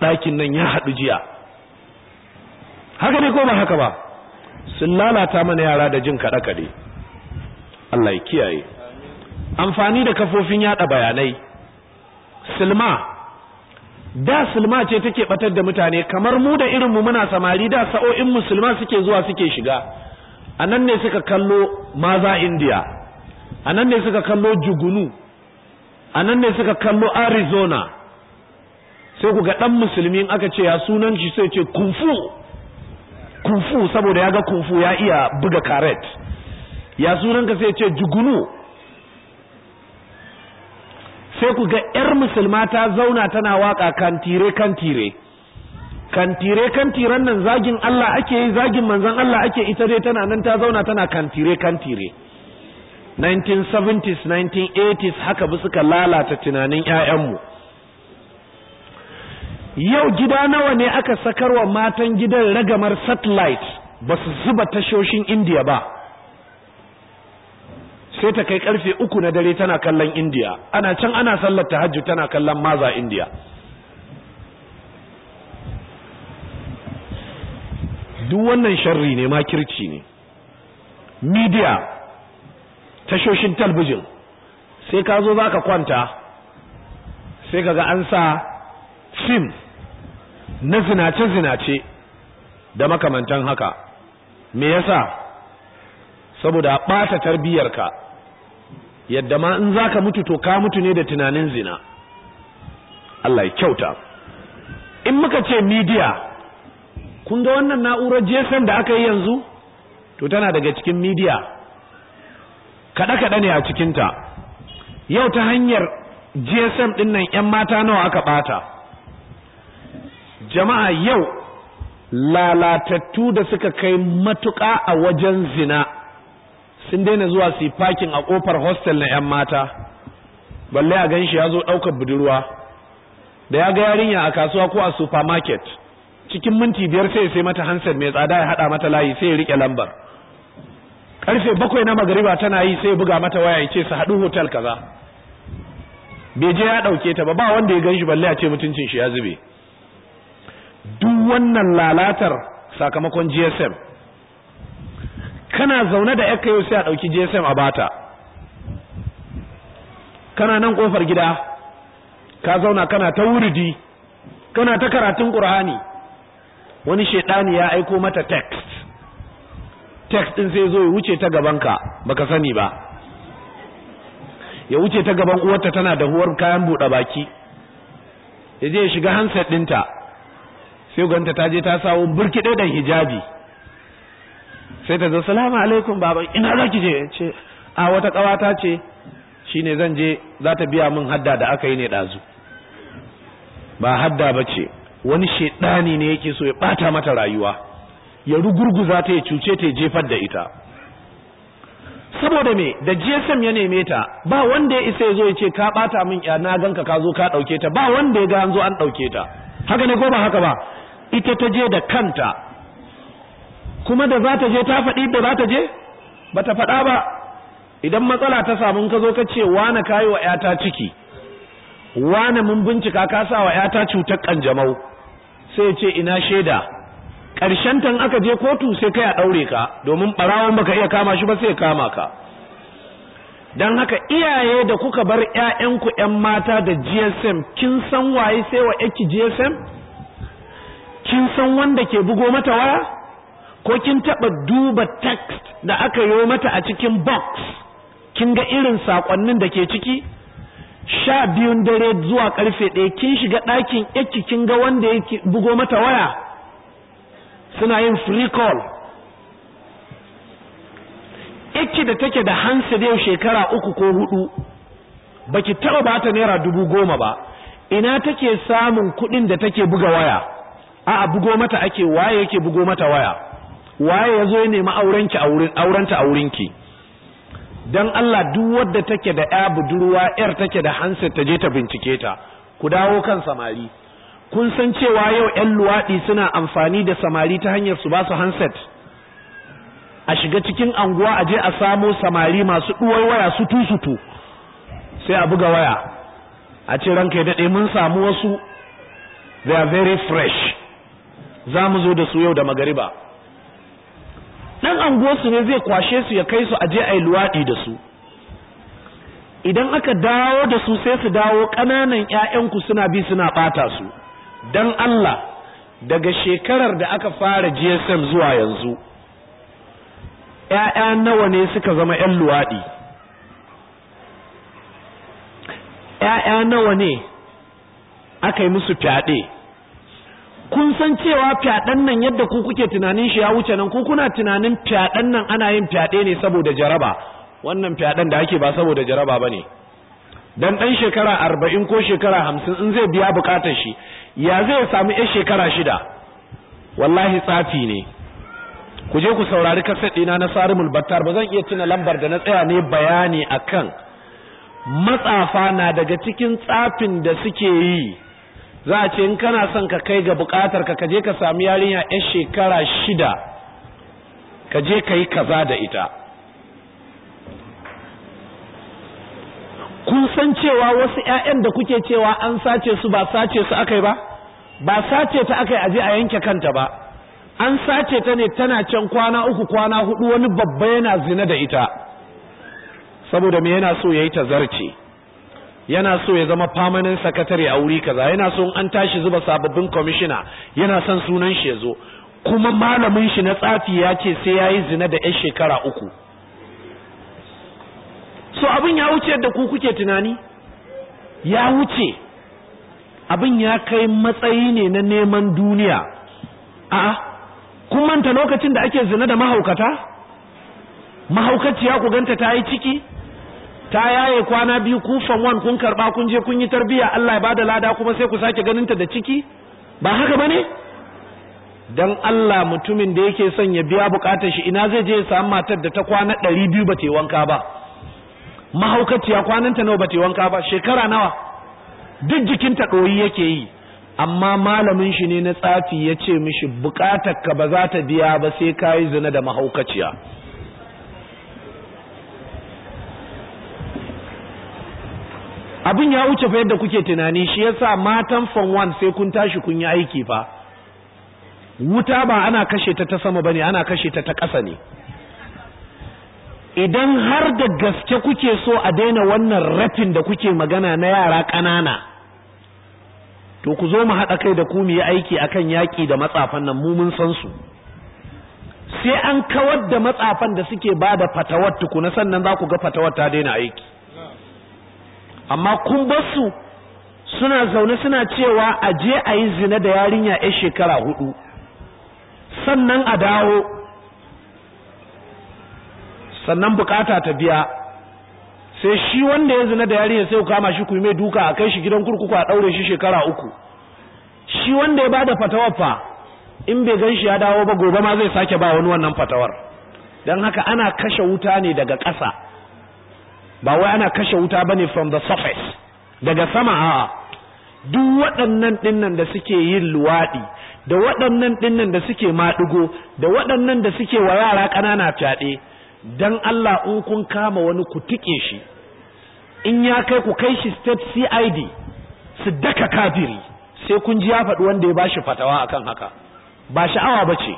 ɗakin nan ya haɗu jiya haka ne ko ba haka ba sun lalata mana yara da jin kaɗe-kaɗe Allah ya kiyaye amfani da kafofin yaɗa bayanai silma da silma ce take batar da mutane kamar mu da irinmu muna samari da sa'o'in musulma suke zuwa suke shiga a ne suka kallo maza india a nan ne suka kallo jugunu a ne suka kallo arizona sai ku ga ɗan musulmi aka ce ya sunan shi sai ce kumfu saboda ya ga kufu ya iya buga karet ya sunanka sai ce jugunu sai ku ga 'yar musulma ta zauna tana waka kantire kantire kantire kantiren nan zagin Allah ake yi zagin manzon Allah ake ita dai tana nan ta zauna tana kantire kantire 1970s 1980s haka bi suka lalata tunanin ƴaƴanmu yau gida nawa ne aka sakarwa matan gidan ragamar satellite ba su zuba tashoshin Indiya ba sai ta kai karfe uku na dare tana kallon Indiya. ana can ana sallar Hajji tana kallon maza Indiya. duk wannan sharri ne ma makirci ne media tashoshin talbijin sai ka zo za ka kwanta sai ka ga an sa fim na zinace-zinace da makamantan haka me yasa saboda ɓata tarbiyyarka yadda ma in za ka mutu to ka mutu ne da tunanin zina Allah ya kyauta in muka ce media kun ga wannan na'urar GSM da aka yi yanzu to tana daga cikin media kaɗe-kaɗe ne a cikinta yau ta hanyar GSM ɗin nan 'yan mata nawa aka ɓata jama'a yau lalatattu da suka kai matuƙa a wajen zina sun daina zuwa su a ƙofar hostel na 'yan mata balle a ganshi ya zo ɗaukar budurwa da ya ga yarinya a kasuwa ko a supermarket cikin minti biyar sai sai mata hansar mai tsada ya hada mata layi sai ya rike lambar karfe bakwai na magariba tana yi sai buga mata waya ya ce su haɗu hotel kaza bai je ya ɗauke ta ba ba wanda ya ganshi balle a ce mutuncin shi ya zube duk wannan lalatar sakamakon gsm kana zaune da yaka yau sai a ɗauki gsm a bata kana nan ƙofar gida ka zauna kana ta wuridi kana ta karatun ƙur'ani wani shaidani ya aiko mata text text din sai zo ya wuce ta gabanka baka sani ba ya wuce ta gaban uwarta tana da huwar kayan buɗe baki ya je ya shiga handset dinta sai ganta ta je ta sawo burki da hijabi sai ta zo salamu alaikum baba ina zaki je ce a wata ƙawata ce shine zan je za ta biya min hadda da aka yi ne dazu ba hadda ba ce wani shedani ne yake so ya bata mata rayuwa ya rugurguza ta ya cuce ta ya jefar da ita saboda me da GSM ya neme ta ba wanda ya isa ya zo ya ce ka bata min ya na ganka ka zo ka dauke ta ba wanda ya ga an zo an dauke ta haka ne ko ba haka ba ita ta je da kanta kuma da za ta je ta faɗi da za ta je ba ta faɗa ba idan matsala ta samu ka zo ka ce wane kayi wa 'yata ciki wane mun bincika ka sa wa 'yata cutar kanjamau sai ya ce ina shaida ƙarshen tan aka je kotu sai kai a ɗaure ka domin ɓarawon baka iya kama shi ba sai kama ka don haka iyaye da kuka bar 'ya'yanku 'yan mata da gsm kin san waye sai wa yaki gsm kin san wanda ke bugo mata waya ko kin taɓa duba text da aka yi mata a cikin box kin ga irin saƙonnin da ke ciki sha biyun dare zuwa karfe ɗaya kin shiga ɗakin yake kin ga wanda ya bugo mata waya suna yin free call yake da take da hansa da shekara uku ko hudu baki taɓa ba ta naira dubu goma ba ina take samun kuɗin da take buga waya a'a bugo mata ake waye yake bugo mata waya waye ya zo ya nemi aurenki a aurenki dan Allah duk wadda take da ya budurwa yar take da hanset ta je ta bincike ta ku dawo kan samari kun san cewa yau yan luwaɗi suna amfani da samari ta hanyar su ba su handset a shiga cikin anguwa a je a samo samari masu ɗuwar waya su tusutu sai a buga waya a ce ranka ya daɗe mun samu wasu they are very fresh za mu zo da su yau da magariba dan anguwarsu ne zai kwashe su ya kai su aje a yi luwaɗi da su idan aka dawo da su sai su dawo ƙananan ‘ya'yanku suna bi suna ɓata su don Allah daga shekarar da aka fara GSM zuwa yanzu ‘ya'ya nawa ne suka zama ‘yan luwaɗi ‘ya'ya nawa ne aka yi musu fyaɗe kun san cewa fyaɗen nan yadda ku kuke tunanin shi ya wuce nan ku kuna tunanin fyaɗen nan ana yin fyaɗe ne saboda jaraba wannan fyaɗen da ake ba saboda jaraba ba ne Don ɗan shekara arba'in ko shekara hamsin in zai biya buƙatar shi ya zai samu yan shekara shida wallahi tsafi ne ku je ku saurari kaset ɗina na sarimul battar ba zan iya tuna lambar da na tsaya ne bayani akan matsafa na daga cikin tsafin da suke yi za a ce in kana son ka kai ga bukatar ka kaje ka sami yarinya yan shekara shida kaje ka yi kaza da ita kun san cewa wasu 'ya'yan da kuke cewa an sace su ba sace su aka ba ba sace ta aka yi aje a yanke kanta ba an sace ta ne tana can kwana uku kwana hudu wani babba yana zina da ita saboda me yana so ya yi ta zarce yana so ya zama permanent secretary a wuri kaza yana so an tashi zuba sababbin commissioner yana son sunan shi yazo zo kuma malamin shi na tsafi ya ce sai yayi zina da yan shekara uku so abin ya wuce da ku kuke tunani ya wuce abin ya kai matsayi ne na neman duniya a'a kun manta lokacin da ake zina da mahaukata mahaukaciya ku ganta ta yi ciki ta yaye kwana biyu kufan form kun karba kun je kun yi tarbiya Allah ya bada lada kuma sai ku sake ganin ta da ciki ba haka bane dan Allah mutumin da yake son ya biya bukatar shi ina zai je ya samu matar da ta kwana 200 ba ta wanka ba mahaukaciya kwananta nawa ba ta wanka ba shekara nawa duk jikinta ɗoyi yake yi amma malamin shi ne na tsafi ya ce mishi bukatar ka ba za ta biya ba sai ka zina da mahaukaciya abin ya wuce fa yadda kuke tunani shi yasa matan fan 1 sai kun tashi kun yi aiki fa wuta ba ana kashe ta ta sama bane ana kashe ta ta ƙasa ne idan har da gaske kuke so a daina wannan rafin da kuke magana na yara ƙanana to ku zo mu haɗa kai da ku mu yi aiki akan yaƙi da matsafan nan mu mun san su sai an kawar da matsafan da suke ba da fatawar tukuna sannan za ku ga fatawar ta daina aiki amma kun basu suna zaune suna cewa a je a yi zina da yarinya ya shekara hudu sannan a dawo sannan bukata ta biya sai shi wanda ya zina da yarinya sai ku kama shi ku yi mai duka a kai shi gidan kurkuku a daure shi shekara uku shi wanda ya bada fatawar fa in bai gan shi ya dawo ba gobe ma zai sake ba wani wannan fatawar don haka ana kashe wuta ne daga ƙasa ba wai ana kashe wuta bane from the surface daga sama a duk waɗannan ɗinnan da suke yin luwaɗi da waɗannan ɗinnan da suke maɗigo da waɗannan da suke wa yara ƙanana fyaɗe dan Allah in kun kama wani ku tike shi in ya kai ku kai shi state CID su daka kafiri sai kun ji ya faɗi wanda ya bashi fatawa akan haka ba sha'awa bace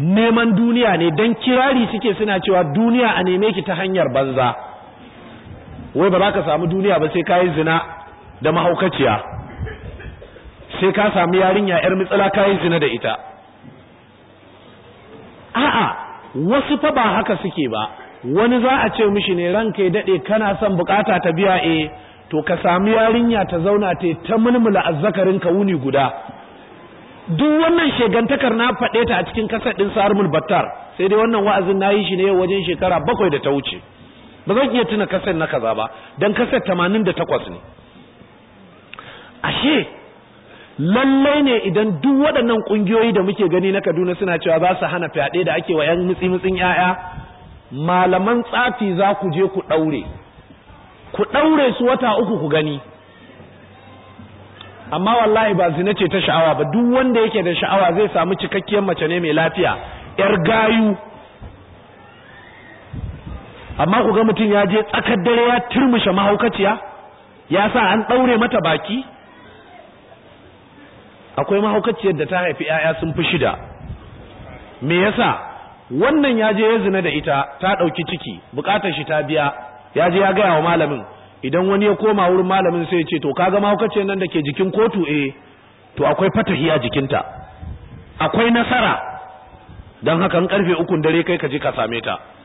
neman duniya ne don kirari suke suna cewa duniya a neme ki ta hanyar banza wai ba za ka samu duniya ba sai ka yi zina da mahaukaciya sai ka samu yarinya yar mitsala ka yi zina da ita a'a wasu fa ba haka suke ba wani za a ce mishi ne ranka ya daɗe kana son bukata ta biya e to ka sami yarinya ta zauna ta ta mulmula azzakarin ka wuni guda duk wannan shegantakar na faɗe ta a cikin kasar ɗin sarmul battar sai dai wannan wa'azin na yi shi ne wajen shekara bakwai da ta wuce ba zan iya tuna kasar na kaza ba don kasar tamanin da takwas ne ashe lallai ne idan duk waɗannan ƙungiyoyi da muke gani na kaduna suna cewa za su hana fyaɗe da ake wa 'yan mutsi-mutsin 'ya'ya malaman tsafi za ku je ku ɗaure ku ɗaure su wata uku ku gani amma wallahi ba zina ce ta sha'awa ba duk wanda yake da sha'awa zai samu cikakkiyar mace ne mai lafiya yar gayu amma ku ga mutum ya je tsakar dare ya turmushe mahaukaciya ya sa an ɗaure mata baki akwai mahaukaciyar da ta haifi 'ya'ya sun fi shida me yasa wannan ya je ya zina da ita ta ɗauki ciki bukatar shi ta biya ya je ya gaya wa malamin idan wani ya koma wurin malamin sai ya ce to kaga mahaukaciyar nan da ke jikin kotu eh to akwai fatahi a jikinta akwai nasara don haka an karfe ukun dare kai ka je ka same ta